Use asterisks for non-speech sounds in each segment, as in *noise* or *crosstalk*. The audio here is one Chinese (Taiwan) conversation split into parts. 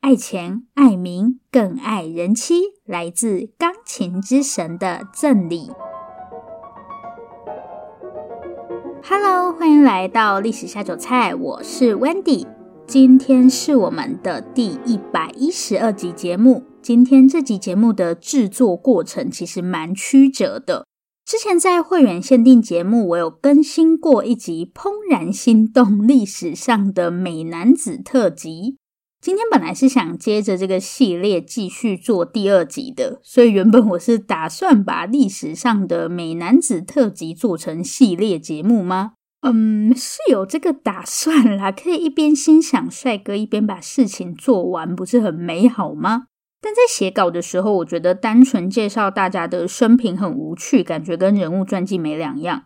愛錢、愛名，更愛人妻，來自鋼琴之神的贈禮。Hello，歡迎來到歷史下酒菜，我是 Wendy。今天是我們的第一百一十二集節目。今天這集節目的製作過程其實蠻曲折的。之前在會員限定節目，我有更新過一集《怦然心動：歷史上的美男子特輯》。今天本來是想接着這個系列繼續做第二集的，所以原本我是打算把歷史上的美男子特輯做成系列節目嗎？嗯，是有這個打算啦，可以一邊欣賞帥哥一邊把事情做完，不是很美好嗎？但在寫稿的時候，我覺得單純介紹大家的生平很無趣，感覺跟人物傳記沒兩樣。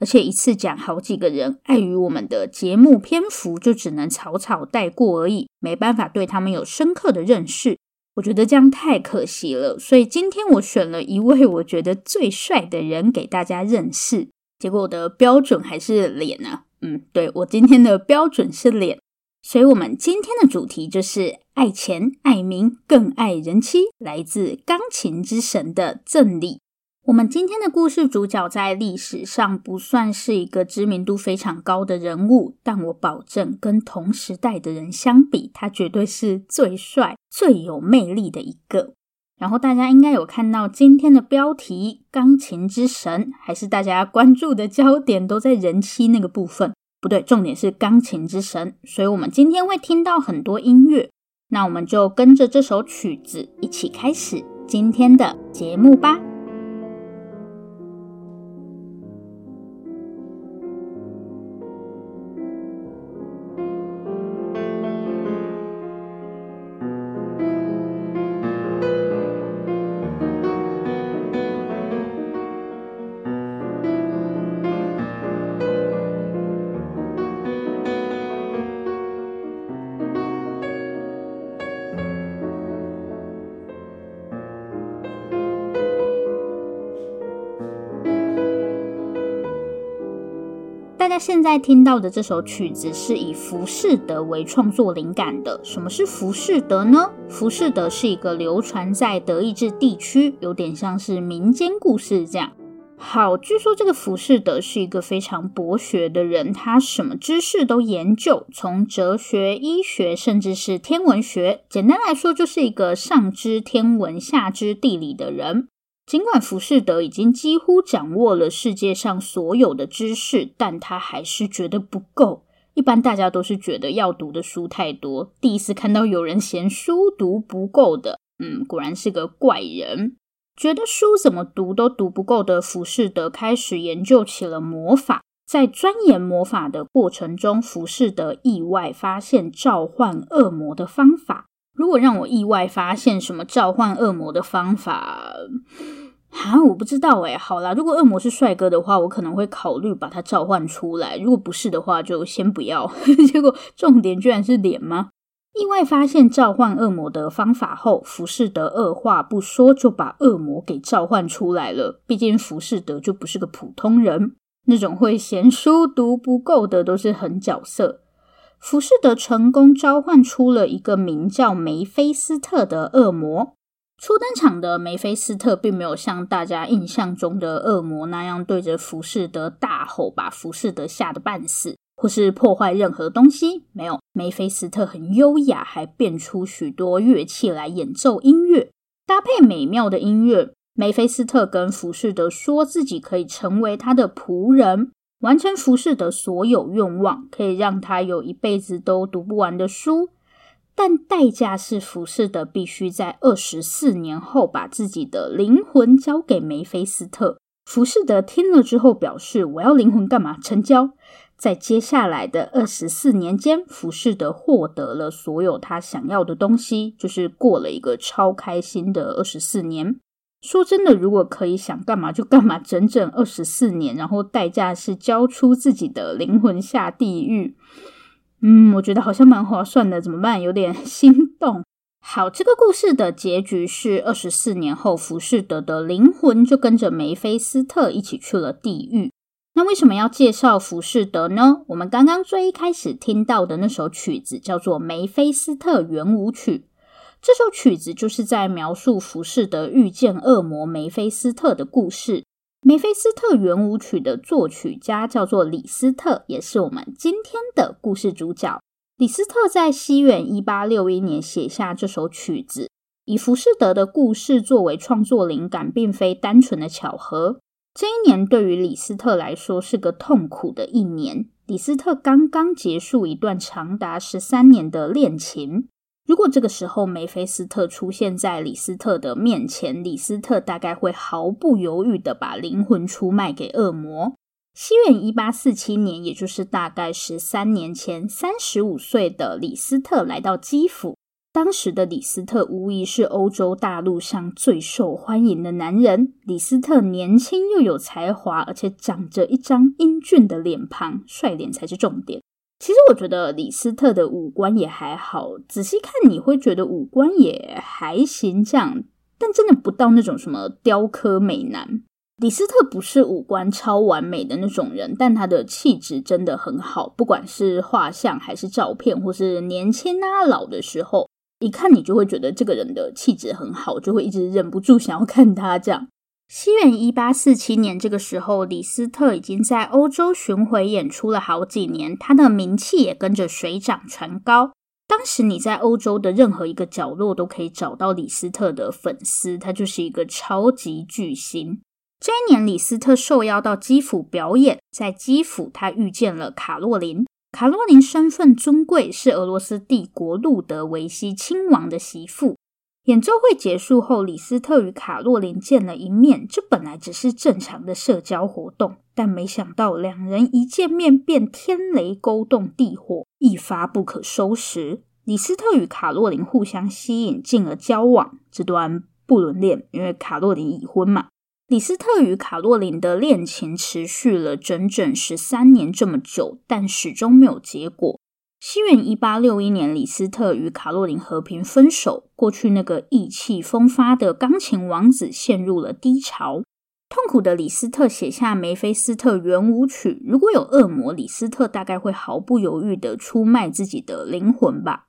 而且一次講好幾個人，礙於我們的節目篇幅，就只能草草帶過而已，沒辦法對他們有深刻的認識。我覺得這樣太可惜了，所以今天我選了一位我覺得最帥的人給大家認識。結果我的標準還是臉呢？啊？嗯，對，我今天的標準是臉，所以我們今天的主題就是愛錢、愛名，更愛人妻。來自鋼琴之神的贈禮。我們今天的故事主角在歷史上不算是一個知名度非常高的人物，但我保證，跟同時代的人相比，他絕對是最帥、最有魅力的一個。然後大家應該有看到今天的標題《鋼琴之神》，還是大家關注的焦點都在人妻那個部分。不對，重點是鋼琴之神，所以我們今天會聽到很多音樂。那我們就跟着這首曲子一起開始今天的節目吧。現在聽到的這首曲子是以浮士德為創作靈感的。什麼是浮士德呢？浮士德是一個流傳在德意志地區，有點像是民間故事這樣。好，據說這個浮士德是一個非常博學的人，他什麼知識都研究，從哲學、醫學，甚至是天文學。簡單來說，就是一個上知天文、下知地理的人。儘管浮士德已經幾乎掌握了世界上所有的知識，但他還是覺得不夠。一般大家都是覺得要讀的書太多，第一次看到有人嫌書讀不夠的，嗯，果然是個怪人。覺得書怎麼讀都讀不夠的浮士德，開始研究起了魔法。在鑽研魔法的過程中，浮士德意外發現召喚惡魔的方法。如果讓我意外發現什麼召喚惡魔的方法，哈，我不知道哎、欸。好啦，如果惡魔是帥哥的話，我可能會考慮把他召喚出來；如果不是的話，就先不要。 *laughs* 結果重點居然是臉嗎？意外發現召喚惡魔的方法後，浮士德二話不說就把惡魔給召喚出來了。畢竟浮士德就不是個普通人，那種會嫌書讀不夠的都是狠角色。浮士德成功召喚出了一個名叫梅菲斯特的惡魔。初登場的梅菲斯特並沒有像大家印象中的惡魔那樣對着浮士德大吼，把浮士德嚇得半死，或是破壞任何東西。沒有，梅菲斯特很優雅，還變出許多樂器來演奏音樂。搭配美妙的音樂，梅菲斯特跟浮士德說自己可以成為他的僕人。完成浮士德的所有願望，可以讓他有一輩子都讀不完的書，但代價是浮士德必須在二十四年後把自己的靈魂交給梅菲斯特。浮士德聽了之後表示：“我要靈魂幹嘛？”成交。在接下來的二十四年間，浮士德獲得了所有他想要的東西，就是過了一個超開心的二十四年。說真的，如果可以想幹嘛就幹嘛，整整二十四年，然後代價是交出自己的靈魂下地獄。嗯，我覺得好像蠻划算的，怎麼辦？有點心動。好，這個故事的結局是二十四年後，浮士德的靈魂就跟着梅菲斯特一起去了地獄。那為什麼要介紹浮士德呢？我們剛剛最一開始聽到的那首曲子叫做《梅菲斯特圓舞曲》。這首曲子就是在描述浮士德遇見惡魔梅菲斯特的故事。《梅菲斯特圓舞曲》的作曲家叫做李斯特，也是我們今天的故事主角。李斯特在西元一八六一年寫下這首曲子，以浮士德的故事作為創作靈感，並非單純的巧合。這一年對於李斯特來說是個痛苦的一年。李斯特剛剛結束一段長達十三年的戀情。如果這個時候梅菲斯特出現在李斯特的面前，李斯特大概會毫不猶豫的把靈魂出賣給惡魔。西元一八四七年，也就是大概十三年前，三十五歲的李斯特來到基輔。當時的李斯特無疑是歐洲大陸上最受歡迎的男人。李斯特年輕又有才華，而且長着一張英俊的臉龐，帥臉才是重點。其實我覺得李斯特的五官也還好，仔細看你會覺得五官也還行這樣，但真的不到那種什麼雕刻美男。李斯特不是五官超完美的那種人，但他的氣質真的很好，不管是畫像還是照片，或是年輕啊老的時候，一看你就會覺得這個人的氣質很好，就會一直忍不住想要看他這樣。西元一八四七年，這個時候李斯特已經在歐洲巡迴演出了好幾年，他的名氣也跟着水漲船高。當時你在歐洲的任何一個角落都可以找到李斯特的粉絲，他就是一個超級巨星。這一年，李斯特受邀到基輔表演，在基輔他遇見了卡洛琳。卡洛琳身份尊貴，是俄羅斯帝國路德維希親王的媳婦。演奏會結束後，李斯特與卡洛琳見了一面。這本來只是正常的社交活動，但沒想到兩人一見面便天雷勾動地火，一發不可收拾。李斯特與卡洛琳互相吸引，進而交往。這段不倫戀，因為卡洛琳已婚嘛。李斯特與卡洛琳的戀情持續了整整十三年這麼久，但始終沒有結果。西元一八六一年，李斯特與卡洛琳和平分手。過去那個意氣風發的鋼琴王子陷入了低潮。痛苦的李斯特寫下《梅菲斯特圓舞曲》。如果有惡魔，李斯特大概會毫不猶豫地出賣自己的靈魂吧。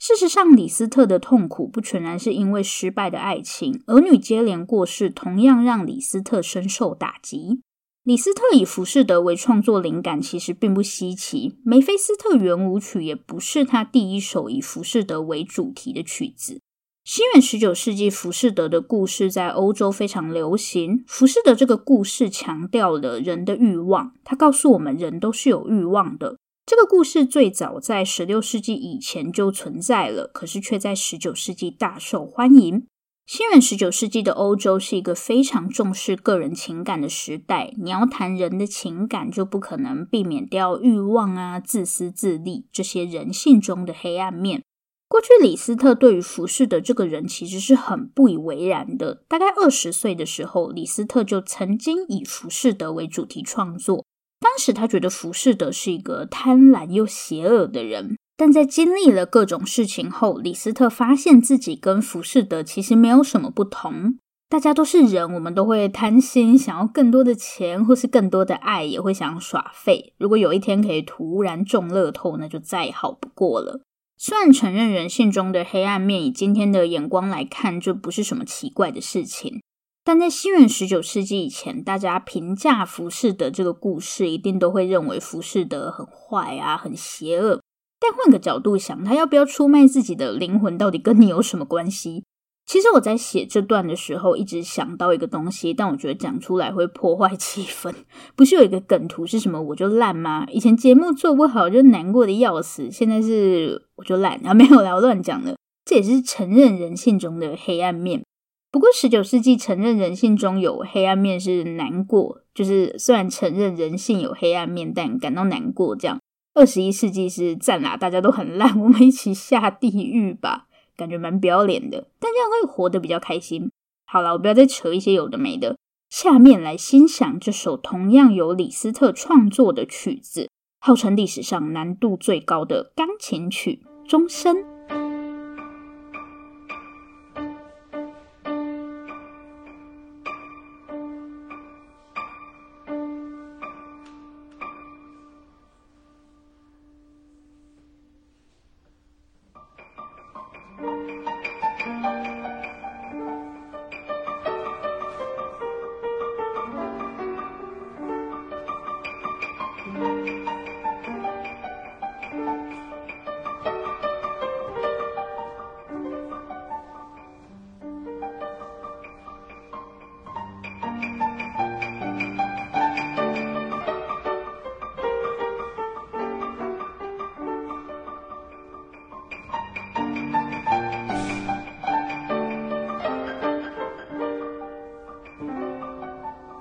事實上，李斯特的痛苦不全然是因為失敗的愛情，兒女接連過世，同樣讓李斯特深受打擊。李斯特以浮士德為創作靈感，其實並不稀奇。梅菲斯特圓舞曲也不是他第一首以浮士德為主題的曲子。西元十九世紀，浮士德的故事在歐洲非常流行。浮士德這個故事強調了人的慾望，它告訴我們人都是有慾望的。這個故事最早在十六世紀以前就存在了，可是卻在十九世紀大受歡迎。新人，十九世紀的歐洲是一個非常重視個人情感的時代。你要談人的情感，就不可能避免掉慾望啊、自私自利這些人性中的黑暗面。過去，李斯特對於浮士德這個人其實是很不以為然的。大概二十歲的時候，李斯特就曾經以浮士德為主題創作。當時他覺得浮士德是一個貪婪又邪惡的人。但在經歷了各種事情後，李斯特發現自己跟浮士德其實沒有什麼不同。大家都是人，我們都會貪心，想要更多的錢或是更多的愛，也會想要耍廢。如果有一天可以突然中樂透，那就再好不過了。雖然承認人性中的黑暗面，以今天的眼光來看，就不是什麼奇怪的事情。但在西元十九世紀以前，大家評價浮士德這個故事，一定都會認為浮士德很壞啊，很邪惡。但換個角度想，他要不要出賣自己的靈魂，到底跟你有什麼關係？其實我在寫這段的時候，一直想到一個東西，但我覺得講出來會破壞氣氛。不是有一個梗圖是什麼我就爛嗎？以前節目做不好就難過的要死，現在是我就爛，啊，沒有了，亂講的。這也是承認人性中的黑暗面。不過十九世紀承認人性中有黑暗面是難過，就是雖然承認人性有黑暗面，但感到難過這樣。二十一世紀是讚啦，大家都很爛，我們一起下地獄吧，感覺蠻不要臉的，但這樣會活得比較開心。好啦，我不要再扯一些有的沒的，下面來欣賞這首同樣由李斯特創作的曲子，號稱歷史上難度最高的鋼琴曲《鐘聲》。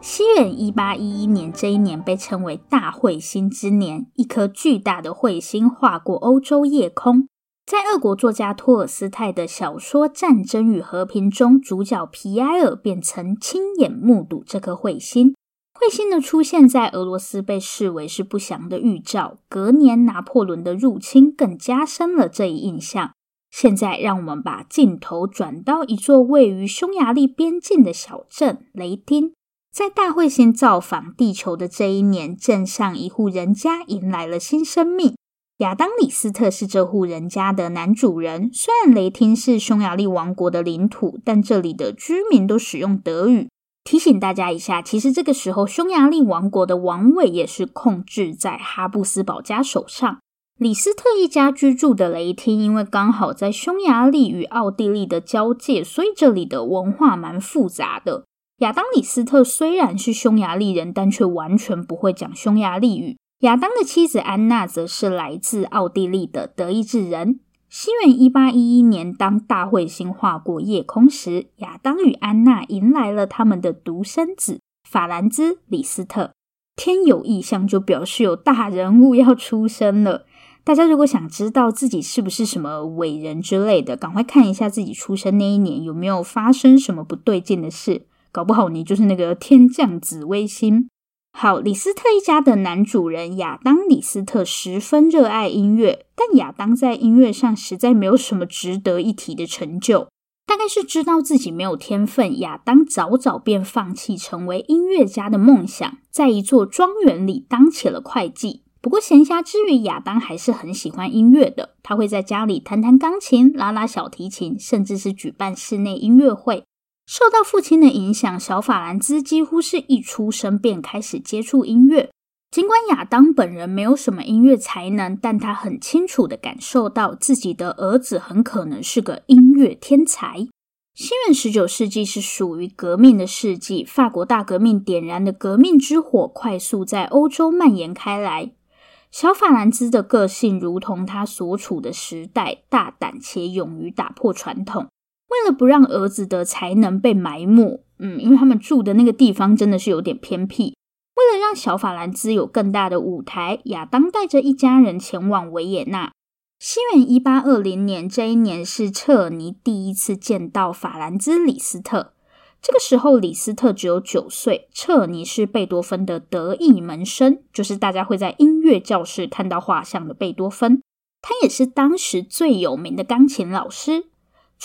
西元一八一一年，這一年被稱為大彗星之年，一顆巨大的彗星劃過歐洲夜空。在俄國作家托爾斯泰的小說《戰爭與和平》中，主角皮埃爾便曾親眼目睹這顆彗星。彗星的出現在俄羅斯被視為是不祥的預兆。隔年，拿破崙的入侵更加深了這一印象。現在，讓我們把鏡頭轉到一座位於匈牙利邊境的小鎮雷丁。在大彗星造訪地球的這一年，鎮上一戶人家迎來了新生命。亞當·李斯特是這戶人家的男主人。雖然雷霆是匈牙利王國的領土，但這裡的居民都使用德語。提醒大家一下，其實這個時候匈牙利王國的王位也是控制在哈布斯堡家手上。李斯特一家居住的雷霆，因為剛好在匈牙利與奧地利的交界，所以這裡的文化蠻複雜的。亞當·李斯特雖然是匈牙利人，但卻完全不會講匈牙利語。亞當的妻子安娜則是來自奧地利的德意志人。西元一八一一年，當大彗星劃過夜空時，亞當與安娜迎來了他們的獨生子——法蘭茲·李斯特。天有異象，就表示有大人物要出生了。大家如果想知道自己是不是什麼偉人之類的，趕快看一下自己出生那一年有沒有發生什麼不對勁的事。搞不好你就是那個天降紫微星。好，李斯特一家的男主人亞當·李斯特十分熱愛音樂，但亞當在音樂上實在沒有什麼值得一提的成就。大概是知道自己沒有天分，亞當早早便放棄成為音樂家的夢想，在一座莊園裡當起了會計。不過閒暇之餘，亞當還是很喜歡音樂的，他會在家裡彈彈鋼琴、拉拉小提琴，甚至是舉辦室內音樂會。受到父親的影響，小法蘭茲幾乎是一出生便開始接觸音樂。儘管亞當本人沒有什麼音樂才能，但他很清楚地感受到自己的兒子很可能是個音樂天才。西元十九世紀是屬於革命的世紀，法國大革命點燃的革命之火快速在歐洲蔓延開來。小法蘭茲的個性如同他所處的時代，大膽且勇於打破傳統。為了不讓兒子的才能被埋沒，嗯，因為他們住的那個地方真的是有點偏僻。為了讓小法蘭茲有更大的舞台，亞當帶着一家人前往維也納。西元一八二零年，這一年是徹爾尼第一次見到法蘭茲李斯特。這個時候，李斯特只有九歲。徹爾尼是貝多芬的得意門生，就是大家會在音樂教室看到畫像的貝多芬。他也是當時最有名的鋼琴老師。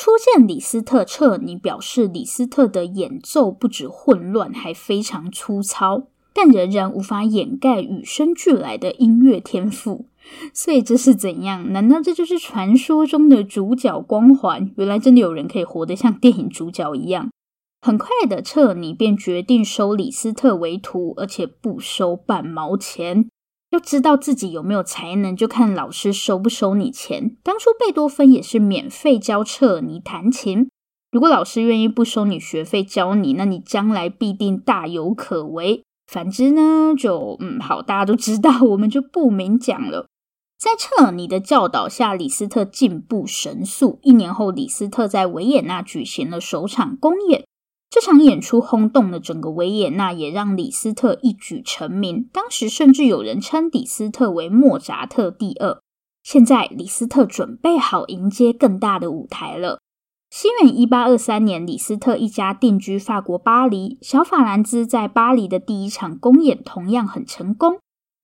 初見李斯特，徹尼表示李斯特的演奏不止混亂，還非常粗糙，但仍然無法掩蓋與生俱來的音樂天賦。所以這是怎樣？難道這就是傳說中的主角光環？原來真的有人可以活得像電影主角一樣。很快的，徹尼便決定收李斯特為徒，而且不收半毛錢。要知道自己有沒有才能，就看老師收不收你錢。當初貝多芬也是免費教徹爾尼彈琴。如果老師願意不收你學費教你，那你將來必定大有可為。反之呢，就嗯，好，大家都知道，我們就不明講了。在徹爾尼的教導下，李斯特進步神速。一年後，李斯特在維也納舉行了首場公演。這場演出轟動了整個維也納，也讓李斯特一舉成名。當時甚至有人稱李斯特為莫扎特第二。現在，李斯特準備好迎接更大的舞台了。西元一八二三年，李斯特一家定居法國巴黎。小法蘭茲在巴黎的第一場公演同樣很成功。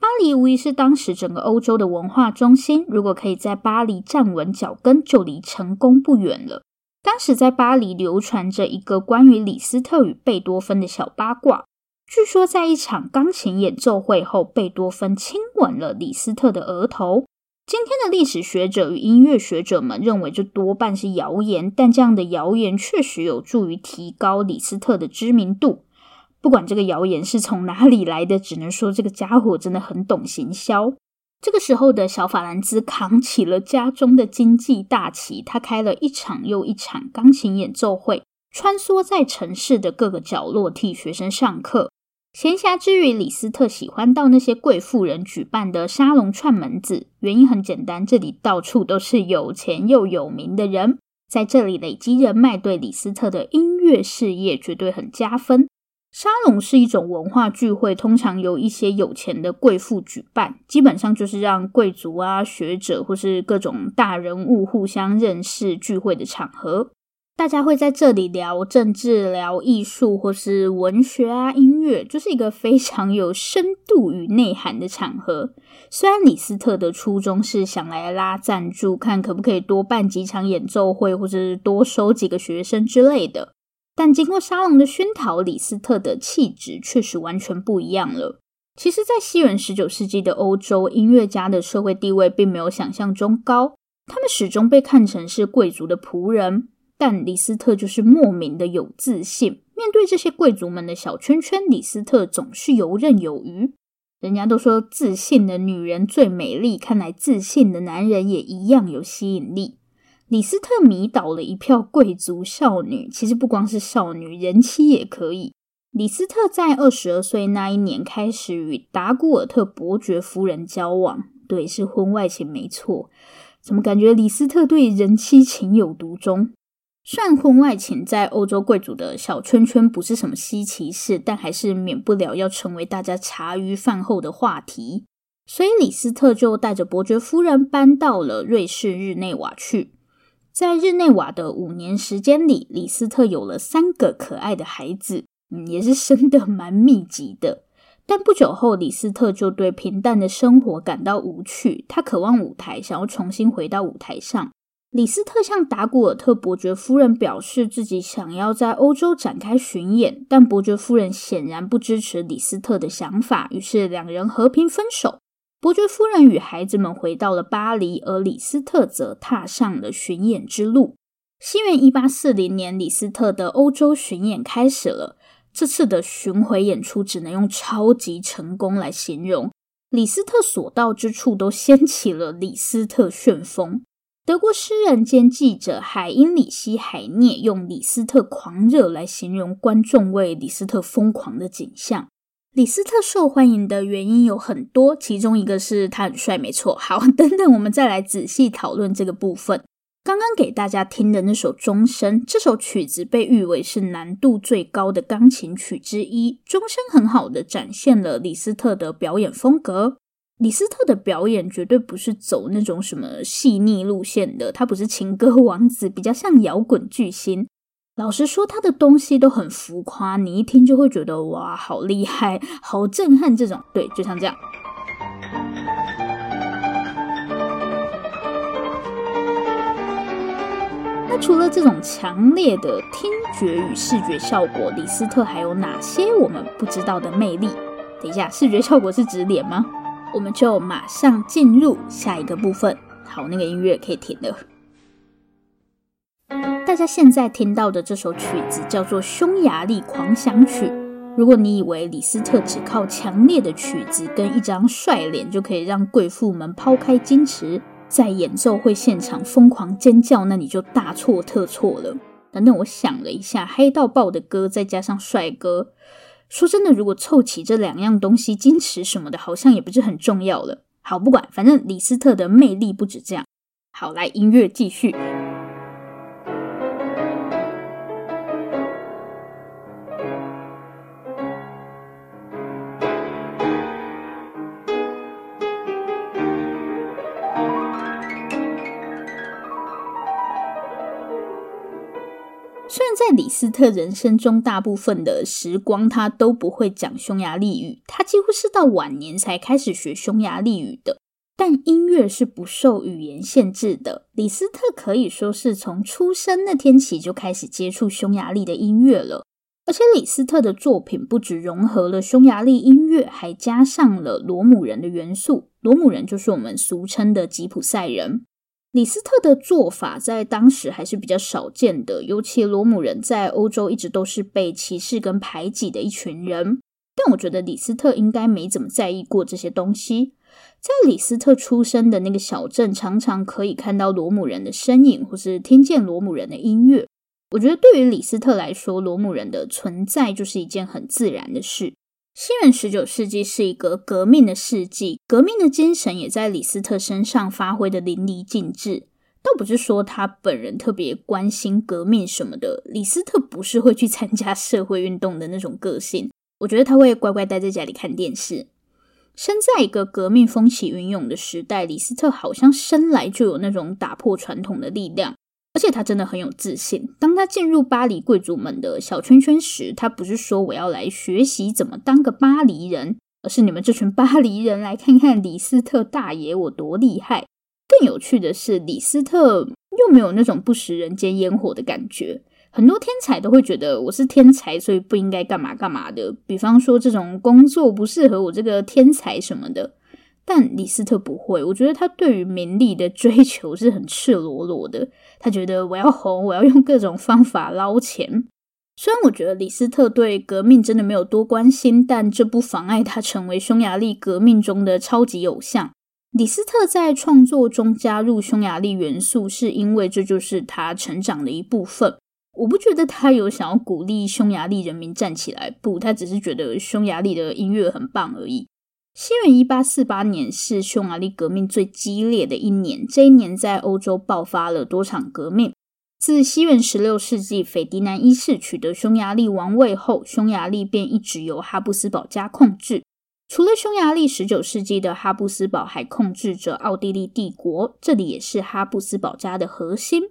巴黎無疑是當時整個歐洲的文化中心。如果可以在巴黎站穩腳跟，就離成功不遠了。當時在巴黎流傳着一個關於李斯特與貝多芬的小八卦，據說在一場鋼琴演奏會後，貝多芬親吻了李斯特的額頭。今天的歷史學者與音樂學者們認為這多半是謠言，但這樣的謠言確實有助於提高李斯特的知名度。不管這個謠言是從哪裡來的，只能說這個傢伙真的很懂行銷。這個時候的小法蘭茲扛起了家中的經濟大旗，他開了一場又一場鋼琴演奏會，穿梭在城市的各個角落替學生上課。閒暇之餘，李斯特喜歡到那些貴婦人舉辦的沙龍串門子，原因很簡單，這裡到處都是有錢又有名的人，在這裡累積人脈，對李斯特的音樂事業絕對很加分。沙龍是一種文化聚會，通常由一些有錢的貴婦舉辦，基本上就是讓貴族啊、學者或是各種大人物互相認識聚會的場合。大家會在這裡聊政治、聊藝術或是文學啊、音樂，就是一個非常有深度與內涵的場合。雖然李斯特的初衷是想來拉贊助，看可不可以多辦幾場演奏會，或是多收幾個學生之類的。但經過沙龍的熏陶，李斯特的氣質確實完全不一樣了。其實，在西元十九世紀的歐洲，音樂家的社會地位並沒有想象中高，他們始終被看成是貴族的僕人。但李斯特就是莫名的有自信，面對這些貴族們的小圈圈，李斯特總是游刃有餘。人家都說自信的女人最美麗，看來自信的男人也一樣有吸引力。李斯特迷倒了一票貴族少女，其實不光是少女，人妻也可以。李斯特在二十二歲那一年開始與達古爾特伯爵夫人交往，對，是婚外情，沒錯。怎麼感覺李斯特對人妻情有獨鍾？算婚外情，在歐洲貴族的小圈圈不是什麼稀奇事，但還是免不了要成為大家茶餘飯後的話題。所以李斯特就帶着伯爵夫人搬到了瑞士日內瓦去。在日內瓦的五年時間裡，李斯特有了三個可愛的孩子，嗯，也是生得蠻密集的。但不久後，李斯特就對平淡的生活感到無趣，他渴望舞台，想要重新回到舞台上。李斯特向達古爾特伯爵夫人表示自己想要在歐洲展開巡演，但伯爵夫人顯然不支持李斯特的想法，於是兩人和平分手。伯爵夫人與孩子們回到了巴黎，而李斯特則踏上了巡演之路。西元一八四零年，李斯特的歐洲巡演開始了。這次的巡迴演出只能用超級成功來形容。李斯特所到之處都掀起了李斯特旋風。德國詩人兼記者海因里希·海涅用“李斯特狂熱”來形容觀眾為李斯特瘋狂的景象。李斯特受歡迎的原因有很多，其中一個是他很帥，沒錯。好，等等，我們再來仔細討論這個部分。剛剛給大家聽的那首《鐘聲》，這首曲子被譽為是難度最高的鋼琴曲之一，《鐘聲》很好的展現了李斯特的表演風格。李斯特的表演絕對不是走那種什麼細膩路線的，他不是情歌王子，比較像搖滾巨星。老實說，他的東西都很浮誇，你一聽就會覺得哇，好厲害，好震撼這種。對，就像這樣。那除了這種強烈的聽覺與視覺效果，李斯特還有哪些我們不知道的魅力？等一下，視覺效果是指臉嗎？我們就馬上進入下一個部分。好，那個音樂可以停了。大家現在聽到的這首曲子叫做《匈牙利狂想曲》。如果你以為李斯特只靠強烈的曲子跟一張帥臉就可以讓貴婦們拋開矜持，在演奏會現場瘋狂尖叫，那你就大錯特錯了。等等，我想了一下，嗨到爆的歌再加上帥哥，說真的，如果湊齊這兩樣東西，矜持什麼的，好像也不是很重要了。好，不管，反正李斯特的魅力不止這樣。好，來，音樂繼續。在李斯特人生中，大部分的時光他都不會講匈牙利語，他幾乎是到晚年才開始學匈牙利語的。但音樂是不受語言限制的，李斯特可以說是從出生那天起就開始接觸匈牙利的音樂了。而且李斯特的作品不只融合了匈牙利音樂，還加上了羅姆人的元素。羅姆人就是我們俗稱的吉普賽人。李斯特的做法在當時還是比較少見的，尤其羅姆人在歐洲一直都是被歧視跟排擠的一群人。但我覺得李斯特應該沒怎麼在意過這些東西。在李斯特出生的那個小鎮，常常可以看到羅姆人的身影，或是聽見羅姆人的音樂。我覺得對於李斯特來說，羅姆人的存在就是一件很自然的事。西元十九世紀是一個革命的世紀，革命的精神也在李斯特身上發揮的淋漓盡致。倒不是說他本人特別關心革命什麼的，李斯特不是會去參加社會運動的那種個性。我覺得他會乖乖待在家裡看電視。身在一個革命風起雲湧的時代，李斯特好像生來就有那種打破傳統的力量。而且他真的很有自信。當他進入巴黎貴族們的小圈圈時，他不是說我要來學習怎麼當個巴黎人，而是你們這群巴黎人來看看李斯特大爺我多厲害。更有趣的是，李斯特又沒有那種不食人間煙火的感覺。很多天才都會覺得我是天才，所以不應該幹嘛幹嘛的。比方說這種工作不適合我這個天才什麼的。但李斯特不會，我覺得他對於名利的追求是很赤裸裸的。他覺得我要紅，我要用各種方法撈錢。雖然我覺得李斯特對革命真的沒有多關心，但這不妨礙他成為匈牙利革命中的超級偶像。李斯特在創作中加入匈牙利元素，是因為這就是他成長的一部分。我不覺得他有想要鼓勵匈牙利人民站起來，不，他只是覺得匈牙利的音樂很棒而已。西元一八四八年是匈牙利革命最激烈的一年。這一年在歐洲爆發了多場革命。自西元十六世紀斐迪南一世取得匈牙利王位後，匈牙利便一直由哈布斯堡家控制。除了匈牙利，十九世紀的哈布斯堡還控制着奧地利帝國，這裡也是哈布斯堡家的核心。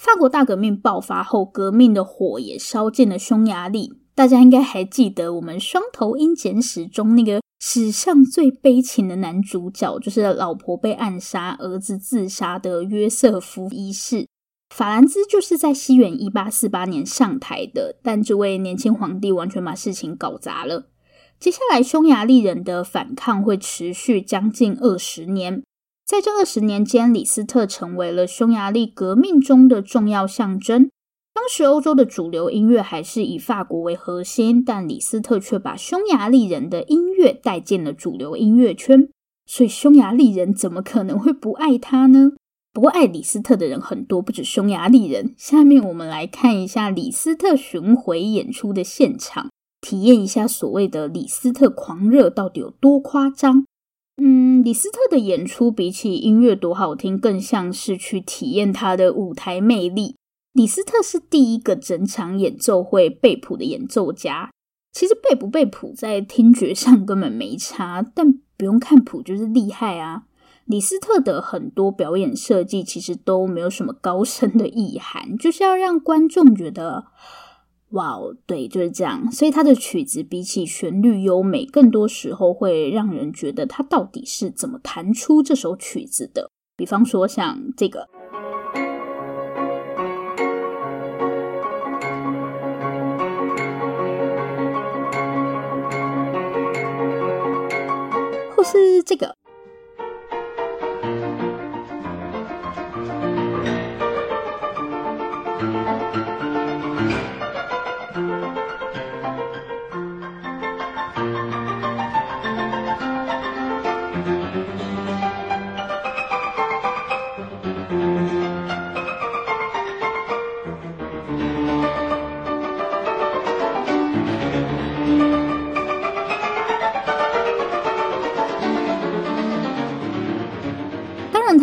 法國大革命爆發後，革命的火也燒進了匈牙利。大家應該還記得我們雙頭鷹簡史中那個。史上最悲情的男主角就是老婆被暗殺、兒子自殺的約瑟夫一世。法蘭茲就是在西元一八四八年上台的，但這位年輕皇帝完全把事情搞砸了。接下來，匈牙利人的反抗會持續將近二十年。在這二十年間，李斯特成為了匈牙利革命中的重要象徵。當時歐洲的主流音樂還是以法國為核心，但李斯特卻把匈牙利人的音樂帶進了主流音樂圈，所以匈牙利人怎麼可能會不愛他呢？不過愛李斯特的人很多，不止匈牙利人。下面我們來看一下李斯特巡迴演出的現場，體驗一下所謂的李斯特狂熱到底有多誇張。嗯，李斯特的演出比起音樂多好聽，更像是去體驗他的舞台魅力。李斯特是第一個整場演奏會背譜的演奏家。其實背不背譜在聽覺上根本沒差，但不用看譜就是厲害啊！李斯特的很多表演設計其實都沒有什麼高深的意涵，就是要讓觀眾覺得“哇哦，對，就是這樣”。所以他的曲子比起旋律優美，更多時候會讓人覺得他到底是怎麼彈出這首曲子的。比方說像這個。是這個。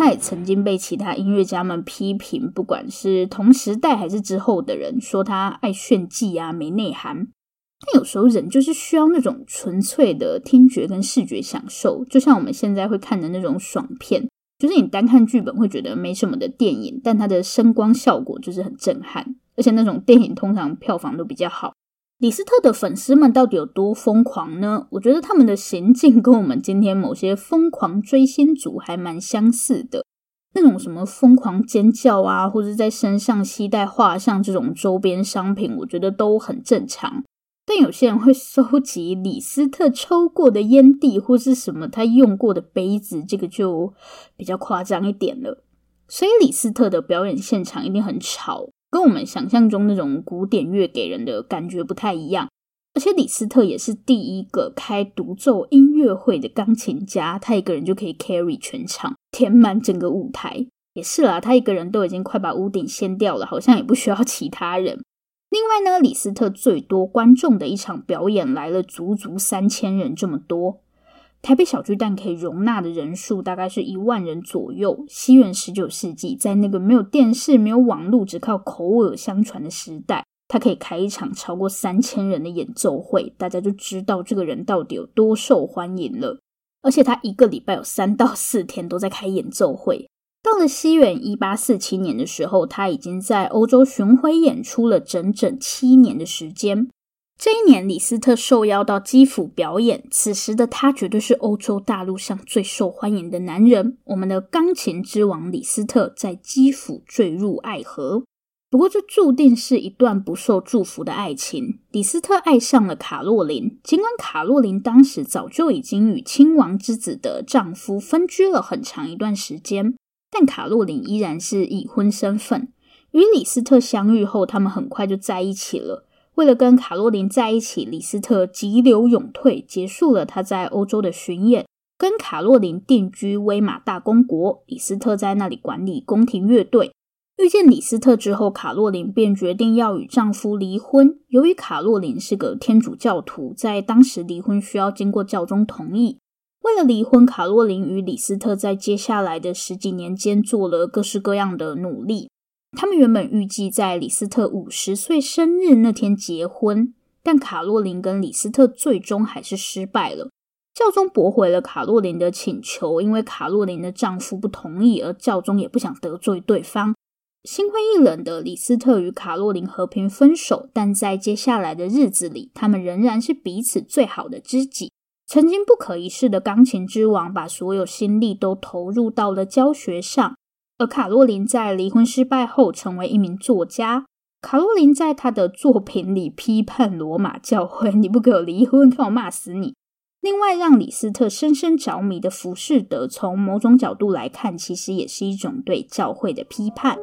他也曾經被其他音樂家們批評，不管是同時代還是之後的人，說他愛炫技啊，沒內涵。但有時候人就是需要那種純粹的聽覺跟視覺享受，就像我們現在會看的那種爽片，就是你單看劇本會覺得沒什麼的電影，但它的聲光效果就是很震撼，而且那種電影通常票房都比較好。李斯特的粉絲們到底有多瘋狂呢？我覺得他們的行徑跟我們今天某些瘋狂追星族還蠻相似的，那種什麼瘋狂尖叫啊，或者在身上攜帶畫像這種周邊商品，我覺得都很正常。但有些人會收集李斯特抽過的菸蒂或是什麼他用過的杯子，這個就比較誇張一點了。所以李斯特的表演現場一定很吵。跟我們想象中那種古典樂給人的感覺不太一樣，而且李斯特也是第一個開獨奏音樂會的鋼琴家，他一個人就可以 carry 全場，填滿整個舞台，也是啦，他一個人都已經快把屋頂掀掉了，好像也不需要其他人。另外呢，李斯特最多觀眾的一場表演來了足足三千人，這麼多。臺北小巨蛋可以容納的人數大概是一萬人左右。西元十九世紀，在那個沒有電視、沒有網絡、只靠口耳相傳的時代，他可以開一場超過三千人的演奏會，大家就知道這個人到底有多受歡迎了。而且他一個禮拜有三到四天都在開演奏會。到了西元一八四七年的時候，他已經在歐洲巡迴演出了整整七年的時間。這一年，李斯特受邀到基輔表演。此時的他絕對是歐洲大陸上最受歡迎的男人。我們的鋼琴之王李斯特在基輔墜入愛河。不過，這注定是一段不受祝福的愛情。李斯特愛上了卡洛琳，儘管卡洛琳當時早就已經與親王之子的丈夫分居了很長一段時間，但卡洛琳依然是已婚身份。與李斯特相遇後，他們很快就在一起了。為了跟卡洛琳在一起，李斯特急流勇退，結束了他在歐洲的巡演，跟卡洛琳定居威馬大公國。李斯特在那裡管理宮廷樂隊。遇見李斯特之後，卡洛琳便決定要與丈夫離婚。由於卡洛琳是個天主教徒，在當時離婚需要經過教宗同意。為了離婚，卡洛琳與李斯特在接下來的十幾年間做了各式各樣的努力。他們原本預計在李斯特五十歲生日那天結婚，但卡洛琳跟李斯特最終還是失敗了。教宗駁回了卡洛琳的請求，因為卡洛琳的丈夫不同意，而教宗也不想得罪對方。心灰意冷的李斯特與卡洛琳和平分手，但在接下來的日子裡，他們仍然是彼此最好的知己。曾經不可一世的鋼琴之王，把所有心力都投入到了教學上。而卡洛琳在離婚失敗後成為一名作家。卡洛琳在他的作品裡批判羅馬教會：“你不給我離婚，看我罵死你！”另外，讓李斯特深深着迷的浮士德，從某種角度來看，其實也是一種對教會的批判。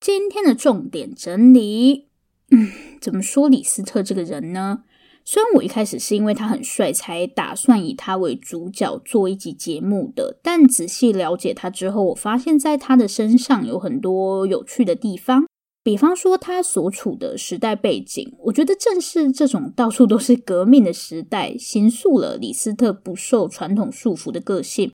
今天的重點整理，嗯，怎麼說李斯特這個人呢？雖然我一開始是因為他很帥才打算以他為主角做一集節目的，但仔細了解他之後，我發現，在他的身上有很多有趣的地方。比方說，他所處的時代背景，我覺得正是這種到處都是革命的時代，形塑了李斯特不受傳統束縛的個性。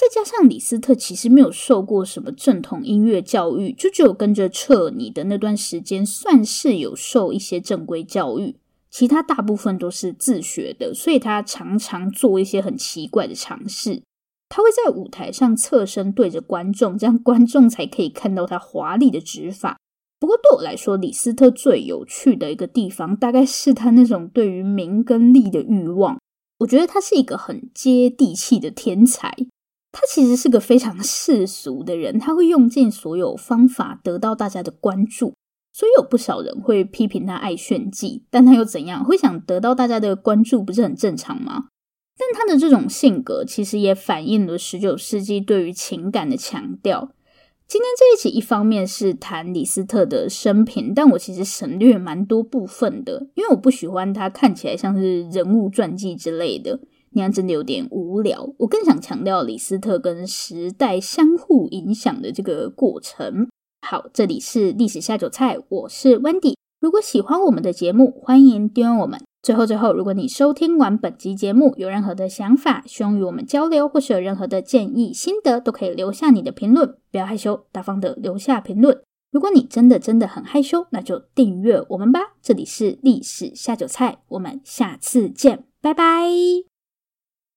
再加上李斯特其實沒有受過什麼正統音樂教育，就只有跟着徹尼的那段時間算是有受一些正規教育，其他大部分都是自學的，所以他常常做一些很奇怪的嘗試。他會在舞台上側身對着觀眾，這樣觀眾才可以看到他華麗的指法。不過對我來說，李斯特最有趣的一個地方，大概是他那種對於名跟利的欲望。我覺得他是一個很接地氣的天才。他其實是個非常世俗的人，他會用盡所有方法得到大家的關注，所以有不少人會批評他愛炫技。但他又怎樣？會想得到大家的關注，不是很正常嗎？但他的這種性格，其實也反映了十九世紀對於情感的強調。今天這一集，一方面是談李斯特的生平，但我其實省略蠻多部分的，因為我不喜歡他看起來像是人物傳記之類的。那樣真的有點無聊。我更想強調李斯特跟時代相互影響的這個過程。好，這裡是歷史下酒菜，我是 Wendy。如果喜歡我們的節目，歡迎訂閱我們。最後，最後，如果你收聽完本集節目有任何的想法，希望與我們交流，或是有任何的建議、心得，都可以留下你的評論，不要害羞，大方的留下評論。如果你真的真的很害羞，那就訂閱我們吧。這裡是歷史下酒菜，我們下次見，拜拜。